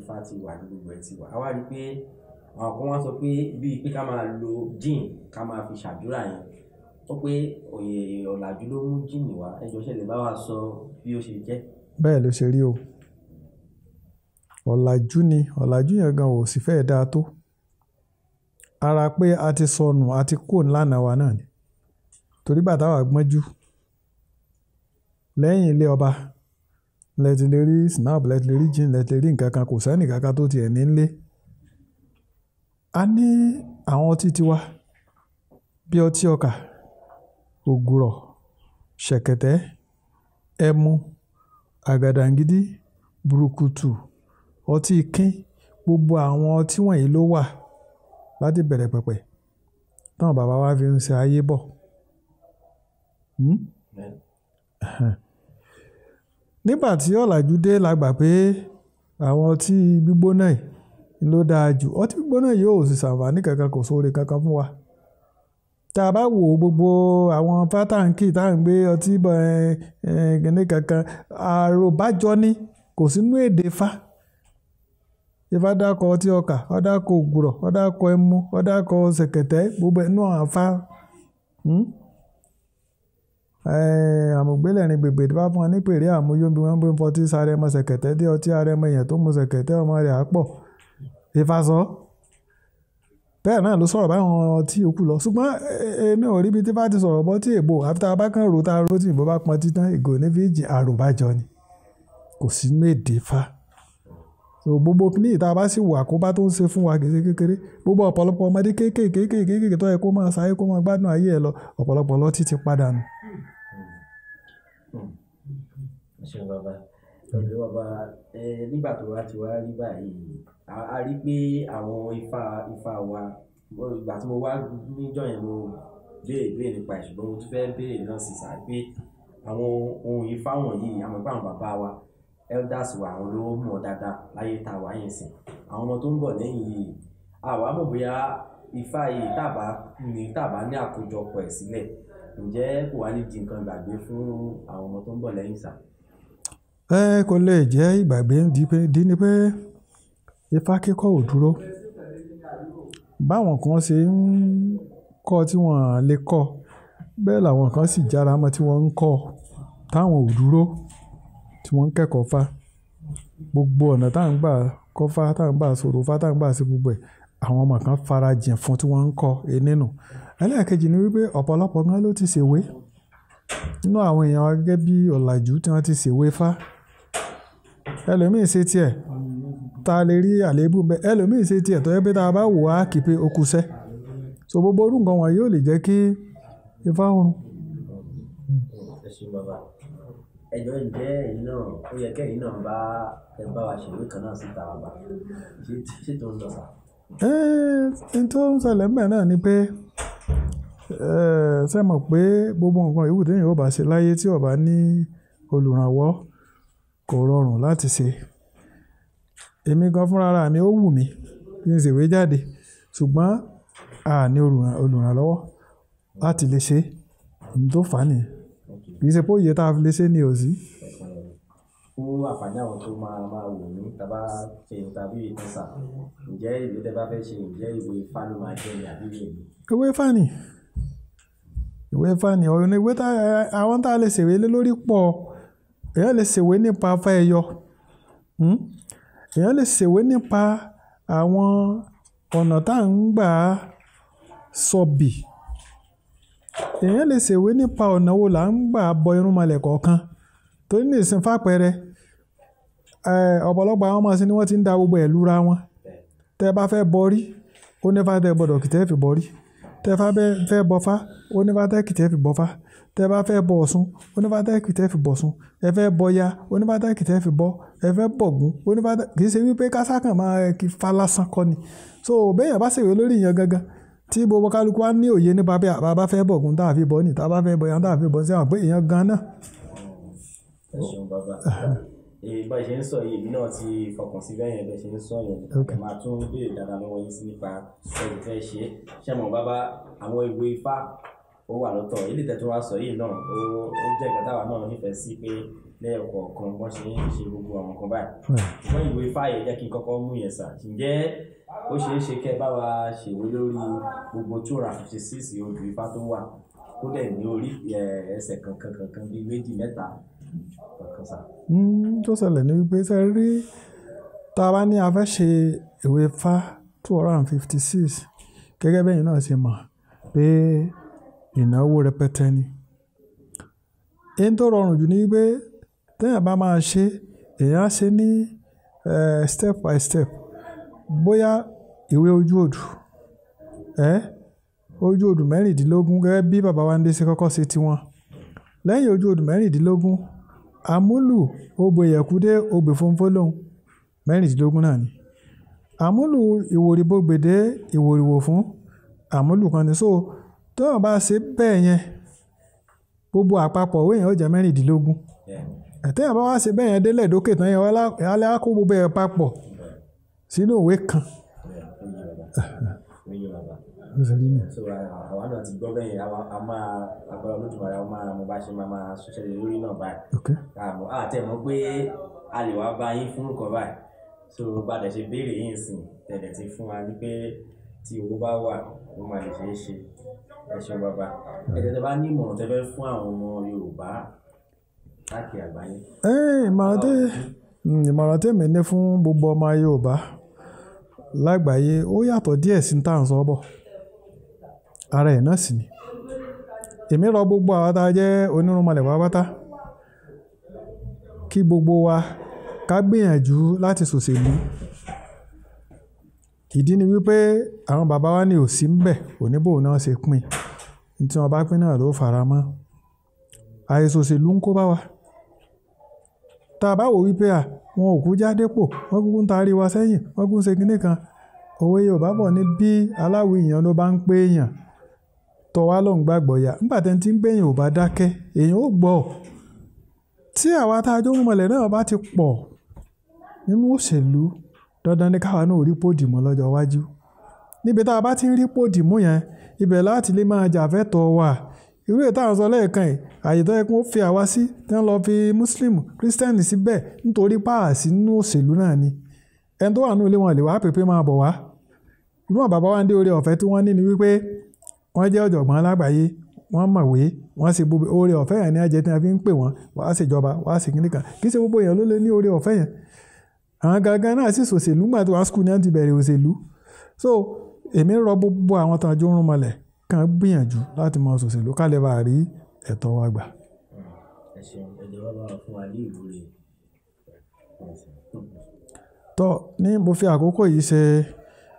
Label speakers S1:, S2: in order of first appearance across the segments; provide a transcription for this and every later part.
S1: ifá ti wà gbogbo ẹ̀ ti wà á wá rí i pé àwọn kan wá sọ pé bíi pé ká máa lo jean ká máa fi ṣàdúrà yẹn ó pé òye ọ̀làjú ló mú jíìnì wá ẹjọ́ ṣẹlẹ̀ bá wa sọ bí ó ṣe jẹ́.
S2: bẹ́ẹ̀ ló ṣe rí o ọ̀làjú ni ọ̀làjú yẹn gan ò sì fẹ́ẹ̀ dáa tó ara pé a ti sọnù a ti kó ńlànà wa náà ni torí bàtà wà gbọ́njú lẹ́yìn ilé ọba lẹ́tí lè rí snap lẹ́tí lè rí jean lẹ́tí lè rí nǹkan kan kò sẹ́ni kankan tó tiẹ̀ ní nílé. a ní àwọn ọtí tiwa bí ọtí ọkà ògùrọ̀ ṣẹ̀kẹ̀tẹ̀ ẹmu àgàdàǹgídí burúkutù ọtí kín gbogbo àwọn ọtí wọ̀nyí ló wà láti bẹ̀rẹ̀ pẹ̀pẹ̀ táwọn bàbá wa fi ń ṣe ayé bọ̀. Hmm? Yeah nígbà tí ọ̀làjú dé la gbà pé àwọn ọtí gbígbóná yìí ló dáa jù ọtí gbígbóná yìí ò sì ṣàǹfààní kankan kò sóore kankan fún wa tá a bá wò ó gbogbo àwọn fátàǹkì tá à ń gbé ọtí bọ̀ ẹ̀ẹ́dẹ́gbẹ̀ni kankan àròbájọ ni kò sínú èdè fa ifá dákọ ọtí ọkà ọdákọ ògùrọ̀ ọdákọ ẹmu ọdákọ ṣẹ̀kẹ̀tẹ̀ gbogbo ẹ̀ àfa àmùgbélẹ̀rin gbègbè bá fún ọ ní pèrè àmúyóbi wọn bí wọn fọtí sáré ọmọ ṣẹ̀kẹ̀tẹ̀ dé ọtí ara ẹmọ èèyàn tó mu ṣẹ̀kẹ̀tẹ̀ ọmọ rẹ̀ á pọ̀ ìfàsọ́ bẹ́ẹ̀ náà ló sọ̀rọ̀ báwọn ọtí yòókù lọ ṣùgbọ́n èmi ò rí ibi tí bá ti sọ̀rọ̀ bọ́ tí èbò àfitá abákan rò tá a rò tí ìbò bá pọn títán ìgò ní fíjì àròbájọ ni kò sí ní èdè fa gbogbo ní ìta bá sì wà kó bá tó ń ṣe fún wa kése kékeré gbogbo ọ̀pọ̀lọpọ̀ ọmọdé kéékèèké kéékèèké tó yẹ kó máa sáyé kó máa gbádùn ayé ẹ lọ ọ̀pọ̀lọpọ̀ lọ́tí ti padà nù
S1: ṣe bàbá ọ̀dọ̀ bàbá nígbà tó wá ti wá rí báyìí a rí pé àwọn ifá ifá wa ìgbà tí mo wá níjọ́ yẹn mo béèrè béèrè nípa ẹ̀ mo tún fẹ́ béèrè náà sì sáré pé àwọn ohun ifá wọ̀nyí àmọ́ pé bàbá wa elders wa àwọn ló mọ̀ dáadáa láyé tá a wà yẹn sìn àwọn ọmọ tó ń bọ̀ lẹ́yìn yìí àwa mọ̀ bóyá ifá yìí tàbá ní tàbá ní àkójọpọ̀ ẹ̀ sílẹ̀ ǹjẹ́ kò wá ní di nǹkan gbàgbé fún àwọn ọmọ tó ń bọ̀ lẹ́yìn sáà
S2: ẹ kò lè jẹ́ ìgbàgbé ń di ni pé ifá kíkọ́ ò dúró báwọn kan ṣe ń kọ́ tí wọ́n lè kọ́ bẹ́ẹ̀ làwọn kan sì jára mọ́ tí wọ́n ń kọ́ táwọn ò dúró tí wọ́n ń kẹ́kọ̀ọ́ fa gbogbo ọ̀nà táwọn gbà kọ́ fa táwọn gbà sọ̀rọ̀ fa táwọn gbà sí gbogbo ẹ̀ àwọn ọmọ kan farajìn fún tí wọ́n ń kọ́ enínú ẹlẹ́ẹ̀kejì ni wípé ọ̀pọ̀lọpọ̀ gan ló ti ṣèwé nínú àwọn èèyàn gẹ́gẹ́ bí ọ̀làjú tí wọ́n ti ṣèwé fa ẹlòmíì ṣe tiẹ̀ tá a lè rí àléébù bẹ́ẹ̀ ẹlòmíì ṣe tiẹ̀ tó yẹ pé tá a bá wò á kì í pé ó kuṣẹ́ so gbogbo orú nǹkan wọ̀nyí ò lè jẹ́ kí ifá oorun.
S1: ẹjọ́ ìjẹ́ ẹ̀yin náà ó yẹ kẹ́yìn náà bá ẹ bá wa ṣèwé kan náà síta bàbá ṣé tó ń lọ sá.
S2: ẹ tó ń ṣẹlẹ̀ mẹ́ náà ni pé ṣe mọ̀ pé gbogbo nǹkan ìwúdí yìí ó bá ṣe láyé tí ó bá ní olùrànwọ́ kò rọrùn láti ṣe èmi gan fúnra ra mi ó wù mí kí n ṣèwé jáde ṣùgbọ́n a ní olùrànlọ́wọ́ láti lè ṣe ohun tó fà á nìyẹn kì í ṣe pé òye tá a fi lè ṣe ni ò sí.
S1: fún àǹfààní àwọn tó máa máa wò ní tábà ṣe tàbí ìtẹ̀sà ǹjẹ́ ìwé tẹ́ bá fẹ́ ṣe ǹjẹ́ ìwé ifá máa jẹ́ ìyàbí rẹ̀
S2: ìwé ifá ìwé ifá ọ̀rọ̀ ni ìwé àwọn tá a lè ṣèwé lé lórí pọ̀ èèyàn lè ṣèwé nípa afá ẹyọ hmm? èèyàn lè ṣèwé nípa àwọn ọ̀nà tá à ń gbà á sọ̀bì èèyàn lè ṣèwé nípa ọ̀nà wo là ń gbà bọ irúnmalẹ̀ kọ̀ọ̀kan torí ní ìsìn fàpẹẹrẹ eh, ọ̀pọ̀lọpọ̀ àwọn ọmọ sí ni wọ́n ti ń da gbogbo ẹ̀ lura wọn tẹ́ ẹ bá fẹ́ bọrí ó ní fàtẹ́ gbọ́dọ̀ kìtẹ́ fi bọrí tẹ́ fá bẹ́ fẹ́ bọ́fá ó ní fátẹ́kì tẹ́ fi bọ́fá tẹ́ bá fẹ́ bọ Ọ̀ṣun ó ní fátẹ́kì tẹ́ fi bọ̀ṣun ẹ fẹ́ bọya ó ní fátẹ́kì tẹ́ fi bọ ẹ fẹ́ bọ̀gún ó ní fátẹ́kì kì í ṣe wípé kásákàn máa kí fa lásán kọ́ ni so béèyàn bá ṣèwé lórí ìyẹn gangan tí gbogbo kálukú wa ní òye nípa bí àbá fẹ́ bọ̀gún tá a fi bọ́ ni tá a bá fẹ́ bọya tá a fi bọ̀ sí àwọn pé ìyẹn gan náà.
S1: ẹ ṣeun bàbá bá ṣe ń sọ yìí èmi náà ti fọkàn sí bẹ́ẹ̀ yẹn bẹ́ẹ̀ ṣe ń sọ yẹn màá tún béèrè dáadáa lọ́wọ́ yín sí nípa ẹ̀rù tẹ́ ṣe ṣé mọ̀ bàbá àwọn ìwé ifá ó wà lọ́tọ̀ ilé tẹ̀ tó wá sọ yìí náà ó jẹ́ ìgbà táwa náà nífẹ̀ẹ́ sí pé lẹ́ẹ̀kọ̀ kan wọ́n ṣe ń ṣe gbogbo àwọn kan báyìí wọ́n ìwé ifá yẹn jẹ́ kí n kọ́kọ́ mú yẹn sà ǹjẹ́ ó é ṣe kẹ́ bá wa ṣèwé lórí gbogbo two hundred and fifty six odù ifá tó wà kó dẹ̀ ní orí ẹsẹ̀ kankan kankan bíi méjì mẹ́ta
S2: Hmm, tó ṣẹlẹ̀ ní wípé ṣe rí tá a bá ní a fẹ́ ṣe ìwé fa two hundred and fifty six gẹ́gẹ́ bẹ́ẹ̀ náà ṣe mọ̀ pé ìnáwó rẹpẹtẹ ni èyí tó rọrùn jù ni pé téèyàn bá máa ṣe èèyàn á ṣe ní eh, step by step bóyá ìwé ojú odù ẹ ojú odù mẹ́rìndínlógún gẹ́gẹ́ bí bàbá wa ń dé sí kọ́kọ́ sí tiwọn lẹ́yìn ojú odù mẹ́rìndínlógún àmúlù ogbè yẹ̀kúdé ogbè fonfolóhùn mẹ́rìndínlógún náà ni àmúlù ìwòrìbó gbèdé ìwòrìwò fún àmúlù kan ni so tóun bá ṣe bẹ́ẹ̀ yẹn gbogbo àpapọ̀ owó yẹn ó jẹ́ mẹ́rìndínlógún ẹ̀tẹ́yìn bá wá ṣe bẹ́ẹ̀ yẹn délẹ̀ dókè tán yẹn alẹ́ á kó gbogbo ẹ̀ papọ̀ sínú òwe kan
S1: ó ṣe rí náà. so uh, àwa náà ti gbọ́ bẹ́yìn a máa àgbà olódùmarè a máa mo bá ṣe máa máa ṣiṣẹ́ lórí náà báyìí. ok àmọ́ àtẹ̀mọ́ pé ṣe béèrè yìí nsìn tẹ̀lẹ̀ ti fún wa ní pé tí owó bá wà ó máa lè ṣeé ṣe ẹ ṣeun bàbá ẹ̀jẹ̀ tẹ bá ní ìmọ̀ràn tẹ fẹ́ fún àwọn ọmọ Yorùbá káàkiri àgbáyé.
S2: ẹ ìmọ̀ràn tẹ ìmọ̀ràn tẹ̀mí ní fún gbogbo ọmọ Yorùbá lágbàáyé ó yàtọ̀ díẹ̀ sí ní tá à ń sọ bọ̀ ara ẹ̀ náà sì ni èmi rọ gbogbo àwọn tá a jẹ́ onírúnmọlẹ̀ pátápátá kí gbogbo wa ká gbìyànjú láti ṣòṣèlú ìdí ni wípé àwọn bàbá wa ní òsì ń bẹ̀ òníbò náà ṣe pín in tí wọ́n bá pín náà ló fara mọ́ àìṣòṣèlú ń kó bá wa tá a bá wò wípé à wọn ò kú jáde pò wọ́n kúkú ń taari wa sẹ́yìn wọ́n kúkú ń ṣe kinní kan òwe Yorùbá bọ̀ ní bí aláwo èèyàn ló bá ń pé èèyàn tọ́ wá lóun gbàgbọ́ ya nígbà tẹ́ni tí ń gbẹ̀yìn ò bá dákẹ́ èèyàn ó gbọ́ tí àwa tá a jó ń náà bá ti pọ̀ nínú òṣèlú dandan ni káwa náà rí lọ́jọ́ iwájú níbi tá a bá ti ń rí yẹn ibẹ̀ láti lè máa wà irú ètò àwọn sọ lẹ́ẹ̀kan àyè muslim christian síbẹ̀ nítorí páàsì nínú òṣèlú náà ni ẹni tó wà nínú ilé wọn lè wá pépé máa bọ̀ wá wọ́n jẹ́ ọ̀jọ̀gbọ́n lágbàáyé wọ́n mọ̀wé wọ́n sì gbogbo oore ọ̀fẹ́ yẹn ní ajẹ́ tí wọ́n fi ń pè wọ́n wàá ṣèjọba wàá ṣe kíníkan kì í ṣe gbogbo yẹn ló lé ní oore ọ̀fẹ́ yẹn àwọn gangan náà sì ṣòṣèlú gbà tó wá skul náà ti bẹ̀rẹ̀ òṣèlú so èmi rọ gbogbo àwọn tán jó ń rún mọ́lẹ̀ kàn gbìyànjú láti mọ ṣòṣèlú ká lè bá rí ẹ̀tọ́ wa gbà. tọ́ ní mo fi àkókò yìí ṣe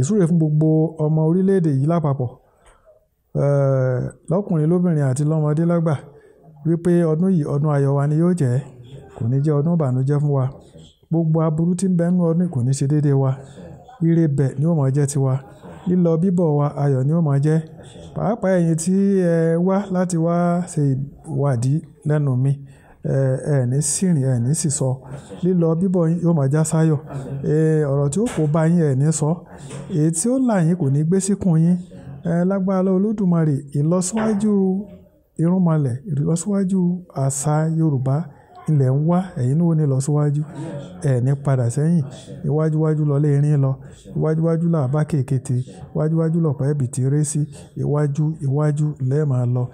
S2: ìsúre fún gbogbo ọmọ orílẹ̀-èdè yìí lápapọ̀ Eh, lọ́kùnrin lóbìnrin àti lọ́mọdé lágbà wípé ọdún yìí ọdún ayọ̀ wa ni yóò jẹ́ kò ní jẹ́ ọdún ìbànújẹ́ fún wa gbogbo aburú tí ń bẹ nínú ọdún kò ní ṣe déédéé wa ire bẹ̀ ni ó máa jẹ́ tiwa lílọ bíbọ̀ wa ayọ̀ ni ó máa jẹ́ pàápàá ẹ̀yin tí ẹ wá láti wá ṣe ìwádìí lẹ́nu mi eh, ẹ ní sìrìn ẹ ní sísọ lílọ bíbọ̀ yóò máa já sáyọ̀ eh, ọ̀rọ̀ tí ó kó bá yín ẹ ní sọ èyí tí ó là yín kò ní gbé síkùn yín ẹ lágbára lọ olódùmarè ìlọsíwájú irúnmalẹ̀ ìlọsíwájú àṣà yorùbá ilẹ̀ ń wá ẹ̀yin ní wo ni ìlọsíwájú ẹ̀ ní padà sẹ́yìn iwájúwájú lọlé erin lọ iwájúwájú làbá kéékèèté iwájúwájú lọ̀pọ̀ ẹ̀bì tí ré sí iwájú iwájú lẹ́ẹ̀ máa lọ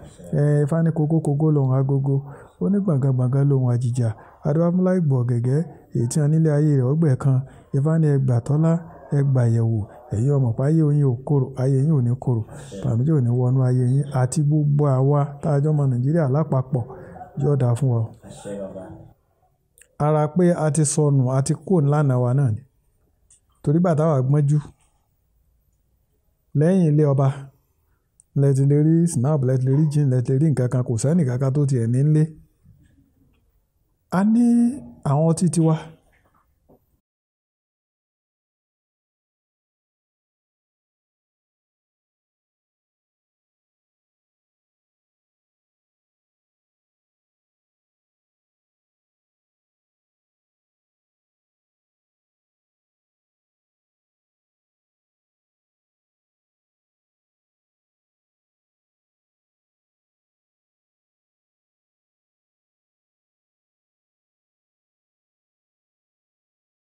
S2: ẹ̀ fani kókó kókó lòun agogo onígbàngàngbàngàn lòun àjìjà adébáfúnlá ìgbọ̀ gẹ̀gẹ́ èyí tí wọn nílé ayé rẹ̀ ọgbẹ̀ kan ìfani ẹgbàtọ́lá ẹgbàyẹ̀wò ẹ̀yin ọmọ pé ayé yín ò korò ayé yín ò ní korò bàmíjì ò ní wọnú ayé yín àti gbogbo àwa tá a jọ ọmọ nàìjíríà lápapọ̀ yóò dáa fún wa. ara pé a ti sọnù a ti kó ńlànà wa náà ni torí bàtà wà gbọ́njú lẹ́yìn ilé ọba lẹ́tì snap lẹ́tì jean lẹ́tì nǹkan kan kò sẹ́nì kankan tó tiẹ̀ ní nlé.
S1: a ní àwọn títí wa.